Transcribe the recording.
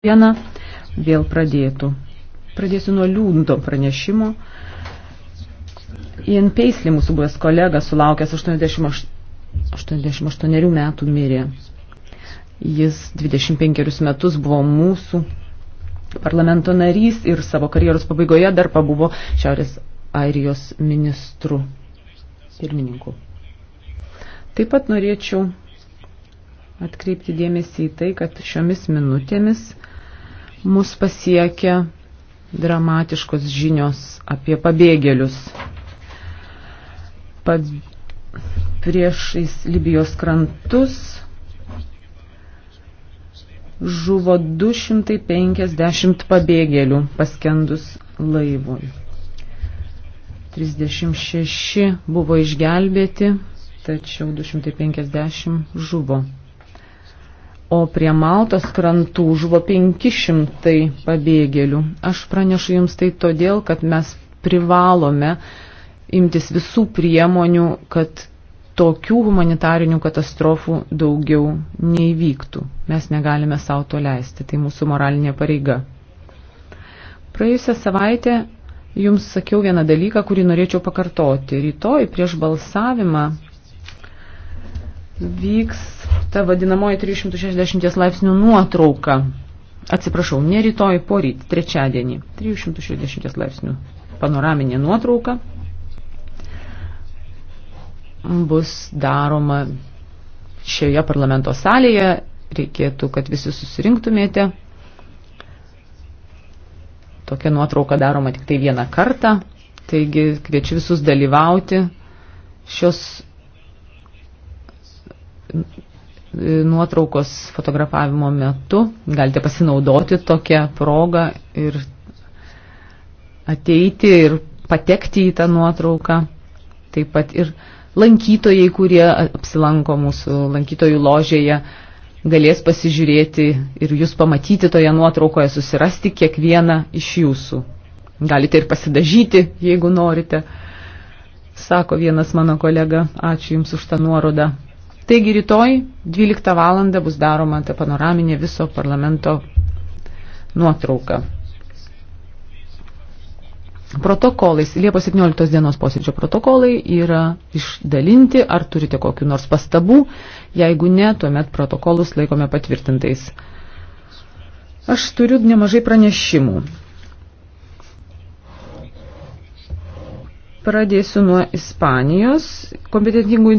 dieną vėl pradėtų. Pradėsiu nuo liūdno pranešimo. Ian Paisley, mūsų buvęs kolega, sulaukęs 88, 88 metų mirė. Jis 25 metus buvo mūsų parlamento narys ir savo karjeros pabaigoje dar pabuvo Šiaurės Airijos ministru pirmininku. Taip pat norėčiau atkreipti dėmesį į tai, kad šiomis minutėmis mus pasiekia dramatiškos žinios apie pabėgėlius. Pa, priešais Libijos krantus žuvo 250 pabėgėlių paskendus laivui. 36 buvo išgelbėti, tačiau 250 žuvo o prie Maltos krantų žuvo 500 pabėgėlių. Aš pranešu jums tai todėl, kad mes privalome imtis visų priemonių, kad tokių humanitarinių katastrofų daugiau neįvyktų. Mes negalime savo to leisti, tai mūsų moralinė pareiga. Praėjusią savaitę jums sakiau vieną dalyką, kurį norėčiau pakartoti. Rytoj prieš balsavimą vyks ta vadinamoji 360 laipsnių nuotrauka. Atsiprašau, ne rytoj, poryt, trečiadienį. 360 laipsnių panoraminė nuotrauka bus daroma šioje parlamento salėje. Reikėtų, kad visi susirinktumėte. Tokia nuotrauka daroma tik tai vieną kartą. Taigi kviečiu visus dalyvauti šios nuotraukos fotografavimo metu. Galite pasinaudoti tokią progą ir ateiti ir patekti į tą nuotrauką. Taip pat ir lankytojai, kurie apsilanko mūsų lankytojų ložėje, galės pasižiūrėti ir jūs pamatyti toje nuotraukoje, susirasti kiekvieną iš jūsų. Galite ir pasidažyti, jeigu norite, sako vienas mano kolega. Ačiū Jums už tą nuorodą. Taigi rytoj 12 val. bus daroma ta panoraminė viso parlamento nuotrauka. Protokolais, Liepos 17 dienos posėdžio protokolai yra išdalinti, ar turite kokiu nors pastabų, jeigu ne, tuomet protokolus laikome patvirtintais. Aš turiu nemažai pranešimų. Pradėsiu nuo Ispanijos kompetentingų